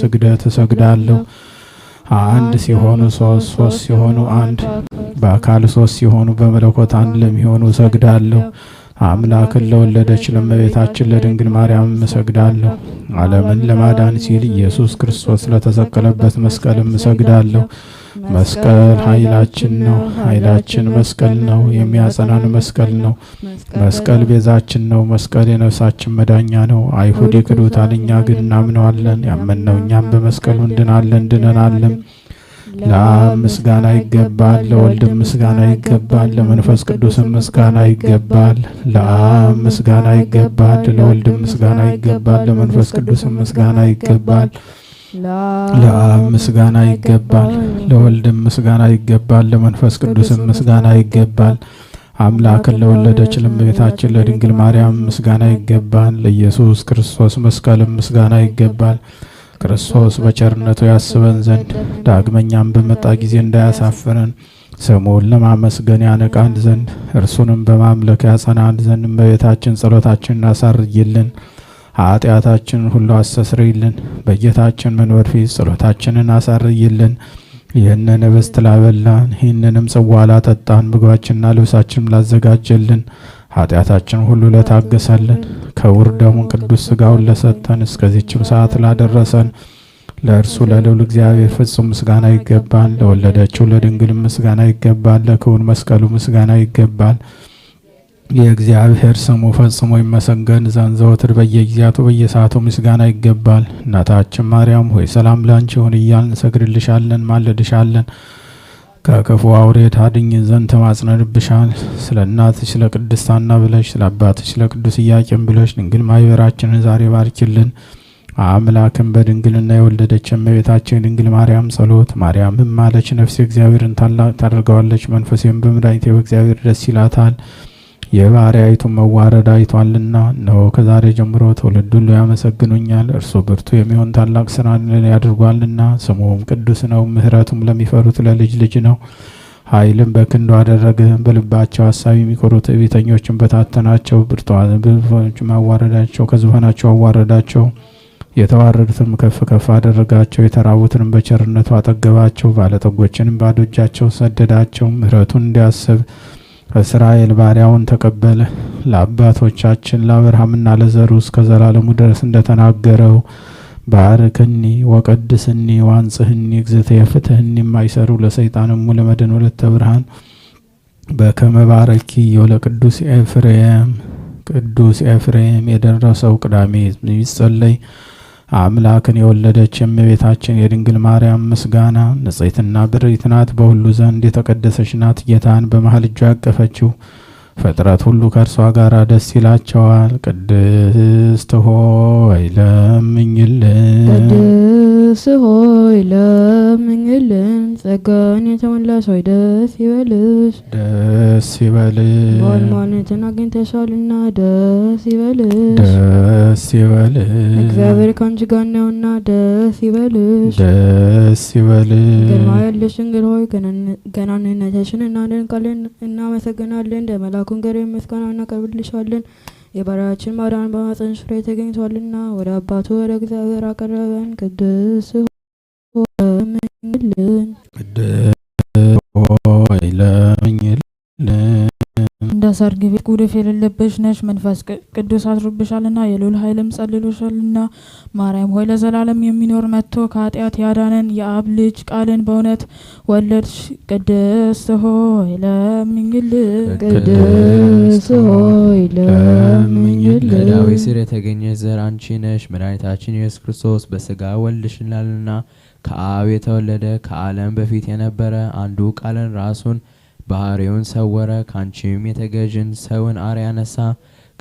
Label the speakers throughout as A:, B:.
A: ስግደት እሰግዳለሁ። አንድ ሲሆኑ ሶስት፣ ሶስት ሲሆኑ አንድ፣ በአካል ሶስት ሲሆኑ በመለኮት አንድ ለሚሆኑ እሰግዳለሁ። አምላክን ለወለደች ለመቤታችን ለድንግል ማርያም እሰግዳለሁ። ዓለምን ለማዳን ሲል ኢየሱስ ክርስቶስ ለተሰቀለበት መስቀልም እሰግዳለሁ። መስቀል ኃይላችን ነው። ኃይላችን መስቀል ነው። የሚያጸናን መስቀል ነው። መስቀል ቤዛችን ነው። መስቀል የነፍሳችን መዳኛ ነው። አይሁድ ይክዱታል፣ እኛ ግን እናምነዋለን። ያመንነው እኛም በመስቀሉ እንድናለን፣ ድነናለን። ለአብ ምስጋና ይገባል፣ ለወልድም ምስጋና ይገባል፣ ለመንፈስ ቅዱስም ምስጋና ይገባል። ለአብ ምስጋና ይገባል፣ ለወልድም ምስጋና ይገባል፣ ለመንፈስ ቅዱስም ምስጋና ይገባል። ለአብ ምስጋና ይገባል፣ ለወልድም ምስጋና ይገባል፣ ለመንፈስ ቅዱስም ምስጋና ይገባል። አምላክን ለወለደች ለእመቤታችን ለድንግል ማርያም ምስጋና ይገባል። ለኢየሱስ ክርስቶስ መስቀልም ምስጋና ይገባል። ክርስቶስ በቸርነቱ ያስበን ዘንድ ዳግመኛም በመጣ ጊዜ እንዳያሳፍረን ስሙን ለማመስገን ያነቃን ዘንድ እርሱንም በማምለክ ያጸናን ዘንድ እመቤታችን ጸሎታችንን አሳርይልን። ኃጢአታችንን ሁሉ አስተስርይልን። በጌታችን መንበር ፊት ጸሎታችንን አሳርይልን። ይህንን ህብስት ላበላን፣ ይህንንም ጽዋ ላጠጣን፣ ምግባችንና ልብሳችንም ላዘጋጀልን፣ ኃጢአታችን ሁሉ ለታገሰልን፣ ክቡር ደሙን ቅዱስ ስጋውን ለሰጠን፣ እስከዚችም ሰዓት ላደረሰን ለእርሱ ለልዑል እግዚአብሔር ፍጹም ምስጋና ይገባል። ለወለደችው ለድንግል ምስጋና ይገባል። ለክቡር መስቀሉ ምስጋና ይገባል። የእግዚአብሔር ስሙ ፈጽሞ ይመሰገን ዘንድ ዘወትር በየጊዜያቱ በየሰዓቱ ምስጋና ይገባል። እናታችን ማርያም ሆይ ሰላም ላንቺ ይሁን እያልን እንሰግድልሻለን፣ ማለድሻለን። ከክፉ አውሬ ታድኝን ዘንድ ተማጽነንብሻል። ስለ እናትሽ ስለ ቅድስት ሐና ብለሽ ስለ አባትሽ ስለ ቅዱስ ኢያቄም ብለሽ ድንግል ማህበራችንን ዛሬ ባርኪልን። አምላክን በድንግልና የወለደች እመቤታችን ድንግል ማርያም ጸሎት ማርያምም ማለች ነፍሴ እግዚአብሔርን ታላቅ ታደርገዋለች፣ መንፈሴም በመድኃኒቴ በእግዚአብሔር ደስ ይላታል። የባሪያይቱን መዋረድ አይቷልና፣ እነሆ ከዛሬ ጀምሮ ትውልድ ሁሉ ያመሰግኑኛል። እርሱ ብርቱ የሚሆን ታላቅ ስራ ያድርጓልና፣ ስሙም ቅዱስ ነው። ምሕረቱም ለሚፈሩት ለልጅ ልጅ ነው። ኃይልም በክንዱ አደረገ። በልባቸው ሀሳብ የሚኮሩት ቤተኞችን በታተናቸው። ብርቶች ማዋረዳቸው ከዙፋናቸው አዋረዳቸው። የተዋረዱትም ከፍ ከፍ አደረጋቸው። የተራቡትንም በቸርነቱ አጠገባቸው። ባለጠጎችንም ባዶ እጃቸው ሰደዳቸው። ምሕረቱን እንዲያስብ ከእስራኤል ባሪያውን ተቀበለ። ለአባቶቻችን ለአብርሃምና ለዘሩ እስከ ዘላለሙ ድረስ እንደተናገረው ባርክኒ ወቀድስኒ ዋንጽህኒ እግዝእት ፍትህኒ የማይሰሩ ለሰይጣንሙ ለመድን ወለተ ብርሃን በከመ ባረኪዮ ለቅዱስ ኤፍሬም ቅዱስ ኤፍሬም የደረሰው ቅዳሜ የሚጸለይ አምላክን የወለደች እመቤታችን የድንግል ማርያም ምስጋና ንጽሕትና ብርት ናት፣ በሁሉ ዘንድ የተቀደሰች ናት። ጌታን በመሃል እጇ ያቀፈችው ፍጥረት ሁሉ ከእርሷ ጋር ደስ ይላቸዋል። ቅድስት ሆይ ለምኝልን፣
B: ቅድስት ሆይ ለምኝልን። ጸጋን የተሞላሽ ሆይ ደስ ይበልሽ፣
A: ደስ ይበልሽ።
B: ማልማነትን አግኝተሻልና ደስ ይበልሽ፣
A: ደስ ይበልሽ
B: እግዚአብሔር ከአንቺ ጋር ነውና ደስ ይበልሽ
A: ደስ ይበልሽ። ግርማ
B: ያለሽ ሆይ ገናንነትሽን እናደንቃለን እናመሰግናለን። እንደ መላኩን ገሬ ምስጋና እናቀርብልሻለን። የባሪያችን ማዳን በማኅፀንሽ ፍሬ ተገኝቷልና ወደ አባቱ ወደ እግዚአብሔር አቀረበን። ቅድስት ሆይ እመኝልን ሰርግ ቤት ጉድፍ የሌለብሽ ነሽ፣ መንፈስ ቅዱስ አድሮብሻልና የልዑል ኃይልም ጸልሎሻልና። ማርያም ሆይ ለዘላለም የሚኖር መጥቶ ከኃጢአት ያዳነን የአብ ልጅ ቃልን በእውነት ወለድሽ። ቅድስት ሆይ ለምኝል፣
A: ቅድስት ሆይ ለምኝል። ከዳዊት ስር የተገኘ ዘር አንቺ ነሽ። መድኃኒታችን ኢየሱስ ክርስቶስ በስጋ ወልድሽናልና ከአብ የተወለደ ከዓለም በፊት የነበረ አንዱ ቃልን ራሱን ባህሪውን ሰወረ፣ ካንቺም የተገዥን ሰውን አር ያነሳ።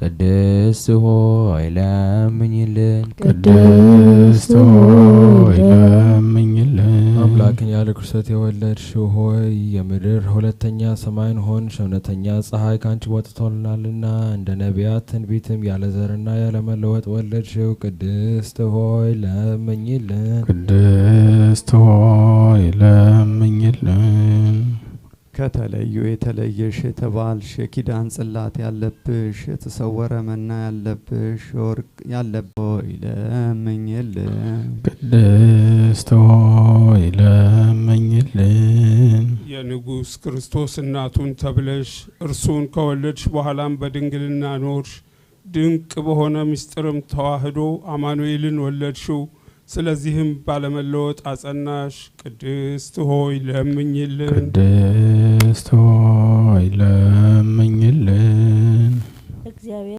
A: ቅድስት ሆይ ለምኝልን፣
B: ቅድስት ሆይ ለምኝልን።
A: አምላክን ያለ ክርስቶስ የወለድሽው ሆይ የምድር ሁለተኛ ሰማይን ሆንሽ። እውነተኛ ፀሐይ ካንቺ ወጥቶልናልና እንደ ነቢያት ትንቢትም ያለ ዘርና ያለ መለወጥ ወለድሽው። ቅድስት ሆይ ለምኝልን፣
B: ቅድስት ሆይ
A: ከተለዩ የተለየሽ የተባልሽ የኪዳን ጽላት ያለብሽ የተሰወረ መና ያለብሽ ወርቅ ያለብሽ ይለምኝልን
B: ቅድስት ሆይ ይለምኝልን።
C: የንጉሥ ክርስቶስ እናቱን ተብለሽ እርሱን ከወለድሽ በኋላም በድንግልና ኖርሽ። ድንቅ በሆነ ምስጢርም ተዋህዶ አማኑኤልን ወለድሽው። ስለዚህም ባለመለወጥ አጸናሽ። ቅድስት ሆይ ለምኝልን።
B: ክርስቶስ ለምኝልን